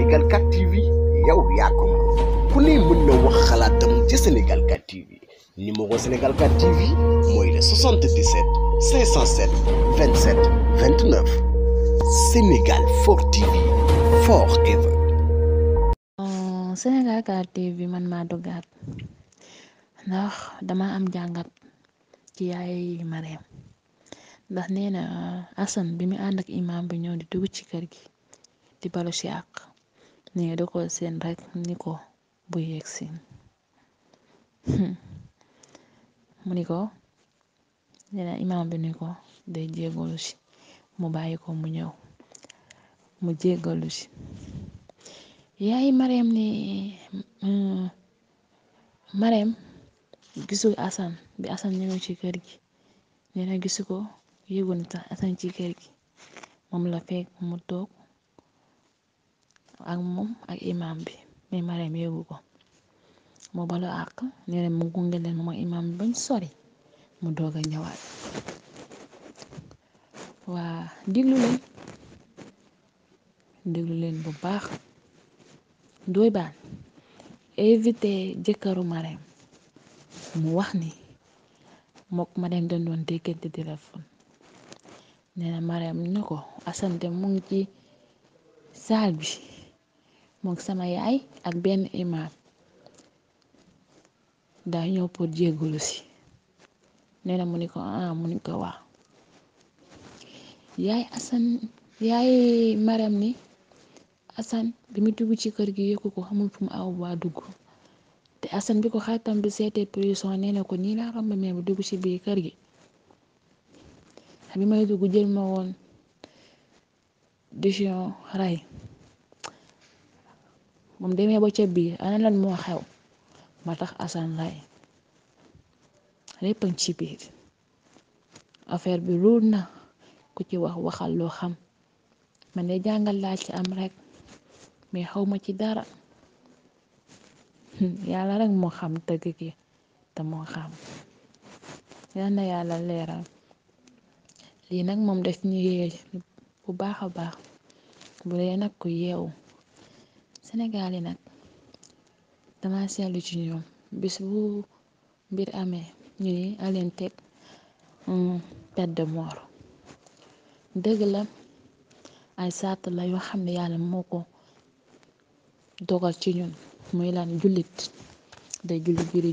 Sénégal 4 TV yow yaa ko ku ne mën na wax xalaatam ci Sénégal 4 TV numéro Sénégal 4 TV Sénégal 4 TV man maa duggaat ndax dama am jàngat ci yaay Marème ndax nee na Assane bi mu ànd ak imam bi ñëw di dugg ci kër gi di balu si àq nee da ko seen rek ni ko bu yegsi hmm. mu ni ko neena imaam bi ni ko day jéggalu ci mu bàyyi ko mu ñëw mu jéggalu ci yaay mareem ni hmm, mareem gisul asan bi asan ñëwee ci kër gi neena ko yëgul ni tax asan ci kër gi moom la fekk mu toog ak moom ak imam bi mais Marème yëgu ko mu balu àq nee na mu gunge leen moom ak imam bi bañ sori mu doog a ñëwaat waa diglu leen diglu leen bu baax dooy baan évité jëkkëru Marème mu wax ni mook ma dañ doon déggante téléphone nee na Marème ko Assane de mu ngi ci saal bi mook sama yaay ak benn imaam daa ñëw pour jéggulu si mu ni ko ah mu ni ko waaw yaay asan yaay maram ni asan bi mu dugg ci kër gi yëkku ko xamul fu aw waa dugg te asan bi ko xaritam bi seetee prison nee ko nii laa romb bu dugg ci biir kër gi bi may dugg jël ma woon décision rey moom demee ba ca biir ana lan moo xew ma tax Assane lay lépp ci biir affaire bi ruur na ku ci wax waxal loo xam ma ne jàngal laa ci am rekk mais xaw ma ci dara hmm, yàlla rekk moo xam dëgg gi te moo xam yal na yàlla leeral lii nag moom def ñu yee bu baax a baax bu dee nag ku yeewu. Sénégal yi nag dama seetlu ci ñoom bis bu mbir amee ñu ni aleen teg peine de mort dëgg la ay sart la yoo xam ne yàlla moo ko dogal ci ñun muy lan jullit day julli julli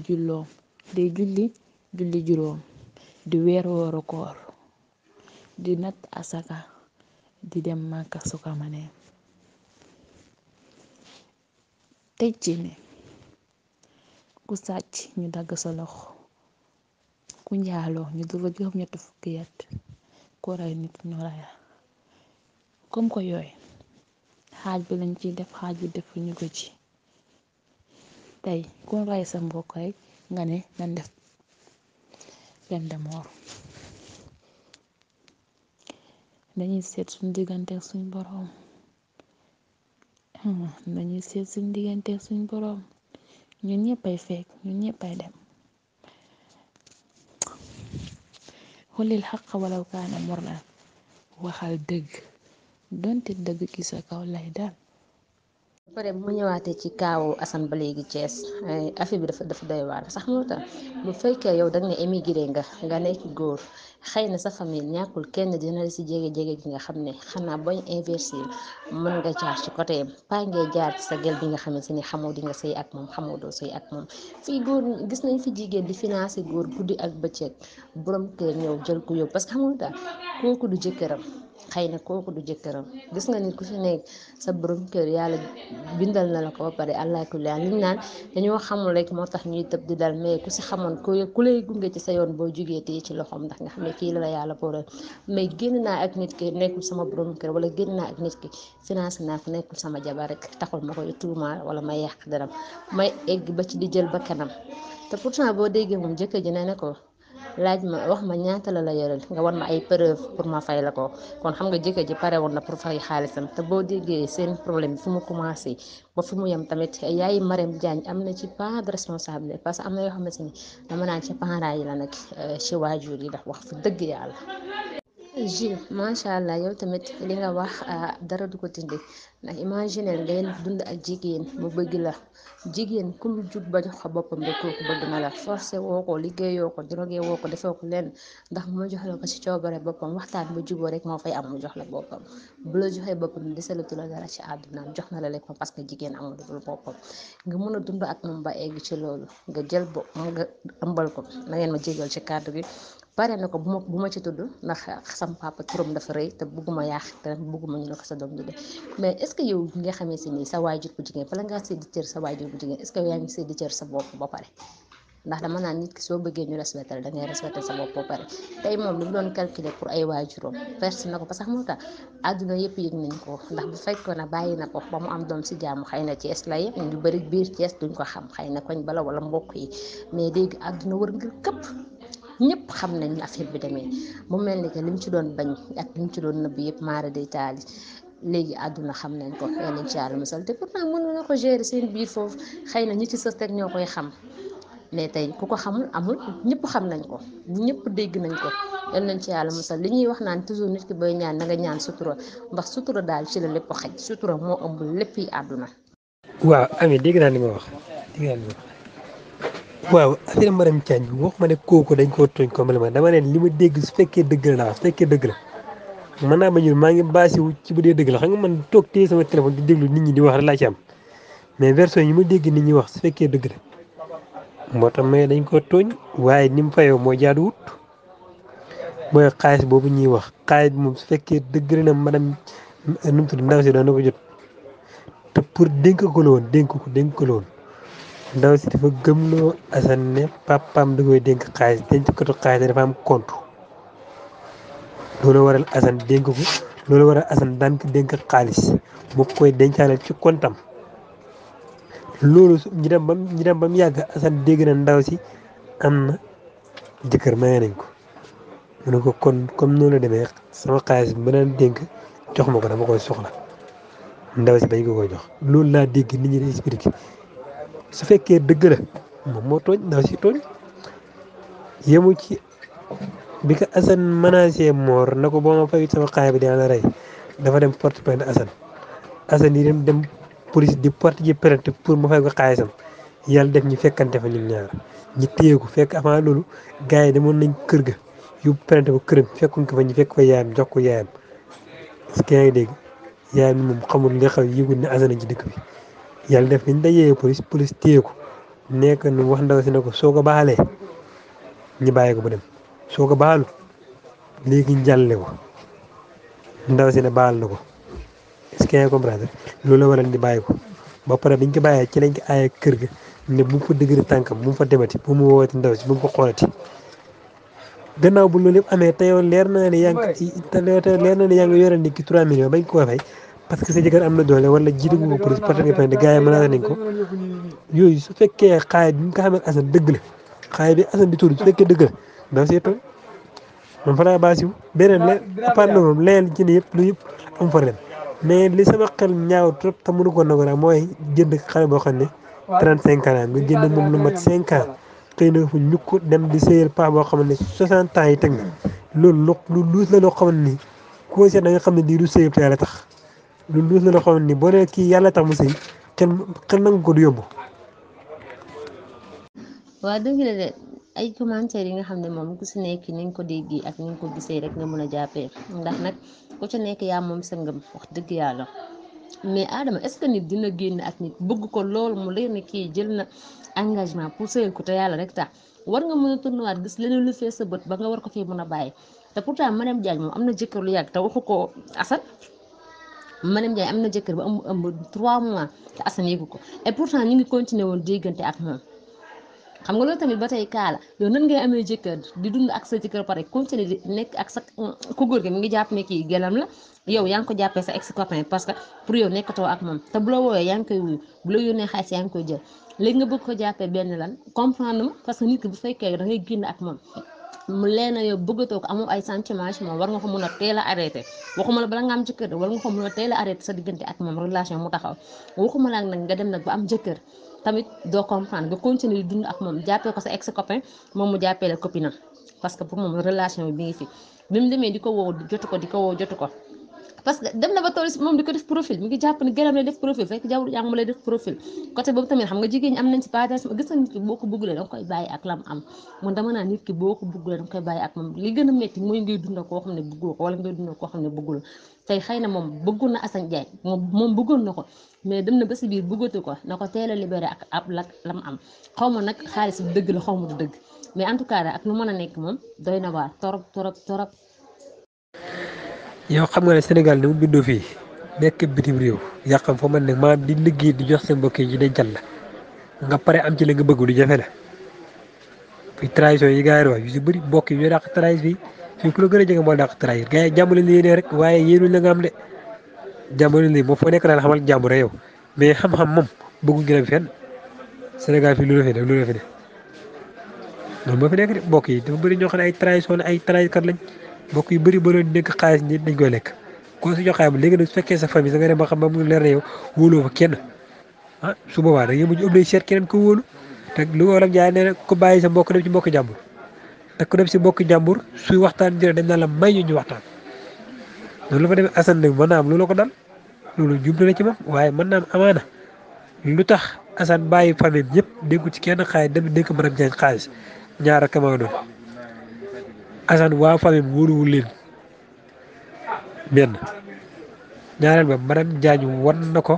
day julli julli juróom di weer wooru koor di natt asaka di dem màkka su ko mënee teg ci ne ku sàcc ñu dagg sa loxo ku njaaloo ñu dóor la juróom ñetti fukki at ku rey nit ñu rey comme ko yooyu xaaj bi lañ ci def xaaj bi def ñu ko ci tey ku rey sa mbokk rek nga ne nañ def peine de dañuy seet suñ diggante ak boroom nañu hm, seet suñ digganteeg suñ boroom ñun ñëpp e ay fekk ñun e ñëpp ay dem xulil xaq walaw kaana morlan waxal dëgg donte dëgg ki sa kaw lay daal pare mu ñëwaatee ci kaawu Assane ba léegi cees affaire bi dafa dafa doy sax moo tax bu fekkee yow da nga ne émigré nga nga nekk góor xëy na sa famille ñàkkul kenn dina la si jege jege gi nga xam ne xanaa bañ inversé mën nga jaar ci côté pas ngay jaar ci sa gel bi nga xam ne si ni xamoo di nga sëy ak moom xamoo doo sëy ak moom fii góor gis nañ fi jigéen di financé góor guddi ak bëccëg borom kër ñëw jël ko yóbbu parce que xamul tax kooku du jëkkëram. xëy na kooku du jëkkëram gis nga nit ku fi nekk sa borom kër yàlla bindal na la ko ba pare allah kulli liñ naan dañoo xamul rek moo tax ñuy tëb di dal mais si xamoon ku ku gunge ci sa yoon boo jugee téye ci loxoom ndax nga xam ne kii la la yàlla boole mais génn naa ak nit ki nekkul sama borom kër wala génn naa ak nit ki financé naa ko nekkul sama jabar rek taxul ma koy tuumaal wala may yàq daram may egg ba ci di jël ba kanam te pourtant boo déggee moom jëkkër ji ne ne ko. laaj ma wax ma ñaata la la yoreel nga wan ma ay preuve pour ma fay la ko kon xam nga jëkkër ji pare woon na pour fay xaalisam te boo déggee seen problème bi fu mu commencé ba fu mu yem tamit yaay Marème jaañ am na ci part de responsabilité parce que am na yoo xamante ni dama naan ci parents yi la nag euh, ci waajur yi ndax wax fa dëgg yàlla. Gilles macha allah yow tamit li nga wax ah, dara du ko tindi ndax imaginer ngay dund ak jigéen mu bëgg la jigéen ku lu jug ba jox ko boppam rek kooku bëgg na la forcé woo ko liggéeyoo ko drogué woo ko defoo ko leen ndax mu jox la ko ci coobare boppam waxtaan bu juboo rek moo fay am mu jox la boppam bu la joxee boppam desalatu la dara ci àddunaam jox na la lekk parce que jigéen amul dul boppam nga mën a dund ak moom ba egg ci loolu nga jël bo nga ëmbal ko na ngeen ma jégal ci kàddu gi. bare na ko bu ma bu ma ci tudd ndax sam papa turam dafa rëy te bugguma yaax te bugguma ñu ne ko sa doom di de mais est ce que yow nga xamee si nii sa waajur bu jigéen bala ngaa séddi cër sa waajur bu jigéen est ce que yaa ngi séddi cër sa bopp ba pare ndax dama naan nit ki soo bëggee ñu respecté la da ngay respecté sa bopp ba pare tey moom li mu doon calculer pour ay waajuram verse na ko parce que moo tax àdduna yëpp yëg nañ ko ndax bu fekkoon na bàyyi na ko ba mu am doom si jàmm xëy na Thiès la yëpp ñu bëri biir Thiès duñ ko xam xëy na koñ bala wala mbokk yi mais léegi àdduna wër ngir ñépp xam nañ affaire bi demee mu mel ni que mu ci doon bañ ak lim ci doon nëbb yëpp maara day taali léegi àdduna xam nañ ko yàlla ci musal te pourtant mënu na foofu xëy na ñi ci sës rek ñoo koy xam mais tey ku ko xamul amul ñëpp xam nañ ko ñëpp dégg nañ ko yal nañ ci yàlla musal li ñuy wax naan toujours nit ki booy ñaan na nga ñaan sutura ndax sutura daal ci la lépp xaj sutura moo ëmb lépp yi àdduna. waaw Ami dégg naa li ma wax. waaw affaire Maram Diagne waxuma ne kooku dañ koo tooñ ko ma dama ne li ma dégg su fekkee la naa su la man naa ma ñu maa ngi baasiwu ci bu dee dëgg la nga man toog téye sama téléphone di déglu nit ñi di wax rek laa ci am mais version yi ma dégg nit ñi wax su fekkee dëgg la moo tax mais dañ koo tooñ waaye ni mu fayoo moo jaaduwut mooy xaalis boobu ñuy wax xaalis bi moom su fekkee dëgg na madame nu mu tudd ndaw si doon na ko jot te pour dénk ko la woon dénk ko dénk ko la ndaw si dafa gëm gëmloo Assane ne papaam da koy dénk xaalis denc ko xaalis dafa am compte loolu waral Assane dénk ko loolu waral Assane daan ko dénk xaalis mu koy dencaale ci kontam loolu ñu dem ba ñu dem ba mu yàgg Assane dégg na ndaw si am na jëkkër maye nañ ko mu ne ko kon comme noonu la demee sama xaalis bi ma daan dénk jox ma ko dama koy soxla ndaw si bañ ko koy jox loolu laa dégg nit ñi di expliqué su fekkee dëgg la moom moo tooñ ndaw si tooñ yemu ci bi ko Assane menacé moor na ko boo ma fay sama xaay bi dina la rey dafa dem porte plainte Assane Assane yi dem dem police di porte ji pour mu fay ko yàlla def ñu fekkante fa ñun ñaar ñi téye ko fekk avant loolu gars yi demoon nañ kër ga yu plainte bu këram fekkuñ ko fa ñu fekk fa yaayam jox ko yaayam parce que yaa ngi dégg yaayam moom xamul li xaw yëgul ne Assane ci dëkk bi. yàlla def niñ dajee police police téye ko nekk nu wax ndaw si ko soo ko baalee ñu bàyyi ko bu dem soo ko baalu léegi njàlle ko ndaw si ne baal na ko est ce que yaa loolu la waral ñu bàyyi ko ba pare biñ ko bàyyee ci lañ ko aaye kër ga ne bu mu fa dëgëri tànkam bu mu fa demati bu mu woowati ndaw si bu mu ko xoolati gannaaw bu loolu yëpp amee te yow leer na ne yaa ngi te leer na ne yaa ngi yore nit ki 3 millions bañ ko fay. parce que sa jëkkër am na doole wala jiitu nga ko police porté nga plainte gars yi menacé nañ ko yooyu su fekkee xaay bi nga xam ne Assane dëgg la xaay bi Assane di tudd su fekkee dëgg la dafa beneen la apart na moom layal lu yëpp mais li sama xel ñaaw trop te mënu ko nangu mooy jënd xale boo xam ne 35 ans nga jënd moom lu mat 5 ans xëy na fu ñu dem di sëyal paa boo xam ne 60 ans yi teg na loolu lu lu luus la loo xam ne nii ku nga xam ne lii du sëyal te tax. lu luus la xool ni boo nee kii yàlla mu sëy xel xel ko du yóbbu. waa yi nga xam ne moom ku si nekk ni nga ko déggee ak ni nga ko gisee rek nga mën a jàppee ndax nag ku ci nekk yaa moom sa ngëm dëgg yàlla mais Adama est dina génn ak nit bëgg ko lool mu leer kii jël na engagement pour sëyal ko te yàlla rek war nga mën a tournewaat gis leneen lu fee sa bët ba nga war ko fii mun a bàyyi te ma Mariam Diagne moom am na jëkkër lu yàgg te waxu ko Assane madame Ndiaye am na jëkkër ba ëmb ëmb 3 mois te Assane yëgu ko et pourtant ñu ngi continuer woon déggante ak moom xam nga loolu tamit ba tey kaala yow nan ngay amee jëkkër di dund ak sa jëkkër pare continuer di nekk ak sa ku góor gi mi ngi jàpp ne kii la yow yaa ngi ko jàppee sa ex copain parce que pour yow nekkatoo ak moom te bu la wooyee yaa ngi koy wuyu bu la yónnee xaalis yaa koy jël léegi nga bëgg ko jàppee benn lan comprendre ma parce que nit ki bu fekkee da ngay génn ak moom mu leen yow bëggatoo ko amoo ay sentiments moom war nga ko mën a teel a waxuma la bala nga am jëkkër war nga ko mën a teel a arrêté sa diggante ak moom relation mu taxaw waxuma la nga dem nag ba am jëkkër tamit doo comprendre nga continuer di ak moom jàppee ko sa ex moom mu jàppee la copine parce que pour moom relation bi ngi fi bi mu demee di ko woo jotu ko di ko woo jotu ko. parce que dem na ba toll si moom di ko def profil mi ngi jàpp ne gëram lay def profil fekk jaww jàng mu lay def profil côté boobu tamit a métti mooy ngay dunda koo xam ne bëggoo na moom bëggoon na Assane Ndiaye moom moom bëggoon na ko mais dem na biir bëggatu ko na ko teel a libéré ak ab lak am xaw ma nag xaalis bi dëgg la xaw ma dëgg mais en ak lu mën a nekk moom doy na waar torop torop torop yow xam nga ne senegal ni mu bindoo fii nekk bitim réew yaa xam fa man ne maanaam di liggéey di jox seen mbokk yi ñu dencal la nga pare am ci la nga bëgg lu jafe la fii trahison yi gars yi wax yu si bëri mbokk yi ñoo dàq trahir fii fii ku la moo dàq trahir yi jàmm leen yéene rek waaye yéenuñ la nga am de jàmm leen moo fa nekk daal xamal yow mais xam-xam moom bëgguñ gën a fenn Sénégal fii lu la fi def lu la fi def moo fi nekk de mbokk yi dafa bëri ñoo xam ne ay trahison ay trahirkat lañ bokk yu bëri bëri nekk xaalis nit dañ koy lekk kon su joxaay ba léegi nag su fekkee sa famille da nga dem ba xam ba mu leer na wóoloo fa kenn ah su boobaa da ngay mujj obligé seet keneen ko wóolu te lu wóolam jaay nee na ko bàyyi sa mbokk dem ci mbokk jàmbur te ku dem si mbokk jàmbur suy waxtaan jëlee dañ naan la may ñu ñu waxtaan loolu la fa demee Assane nag mën naa am ko dal loolu jub na ci moom waaye mën naa am amaana lu tax Assane bàyyi famille ñëpp déggu ci kenn xaalis dem dégg mën a jaay xaalis ñaar ak Assane waa famille wóoluwul leen benn ñaareel ba madame Diagne wan ko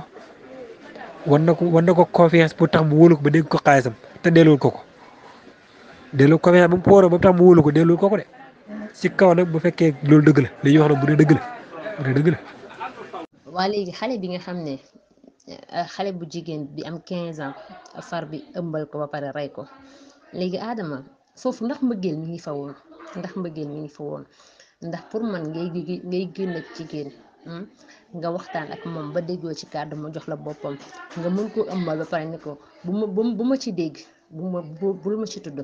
wan na ko wan na ko confiance pour tax mu wóolu ko ba dégg ko xaalisam te delluwul ko ko dellu confiance ba ba ko delluwul ko de si kaw nag bu fekkee loolu dëgg la li wax nag bu dee dëgg la bu dee dëgg la. waa léegi xale bi nga xam ne euh, xale bu jigéen bi am 15 ans far bi ëmbal ko ba pare rey ko léegi Adama foofu ndax mbëggeel mi ngi fa woon. ndax mbëggeel mi ngi fa woon ndax pour man ngay ngay génn ak jigéen hmm? nga waxtaan ak moom ba déggoo ci kàddu mu jox la boppam nga mën koo ëmbal ba pare ne ko bu ma bu ma ci dégg bu ma ma ci tudd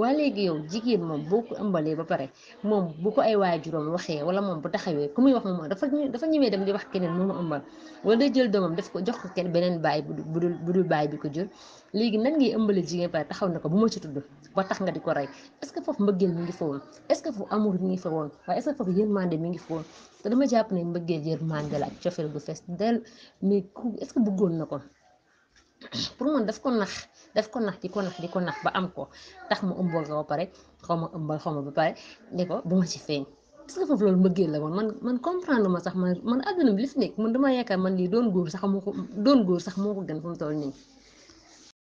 waa léegi yow jigéen moom boo ko ëmbalee ba pare moom boo ko ay waajuram waxee wala moom bu taxawee ku muy wax moom dafa dafa ñëwee dem di wax keneen mu ma ëmbal wala day jël doomam def ko jox ko kenn beneen baay bu dul bu dul baay bi ko jur léegi nan ngi ëmbalee jigéen pare taxaw na ko bu ma ci tudd ba tax nga di ko rey est-ce que foofu mbëggeel mi ngi fa woon est-ce que foofu amour mi ngi woon waaye est-ce que foofu yërmande mi ngi fa woon te dama jàpp ne mbëggeel yërmande la ak cofeel gu fees del mais est-ce que na ko pour man daf ko nax daf ko nax di ko nax di ko nax ba am ko tax mu ëmbool ko pare xaw ma ëmbal xaw ma ba pare ni ko bu ma ci feeñ parce foofu loolu mbëggeel la woon man man comprendre ma sax man man àdduna bi li fi nekk man dama yaakaar man lii doon góor sax moo ko doon góor sax moo ko gën fu mu toll nii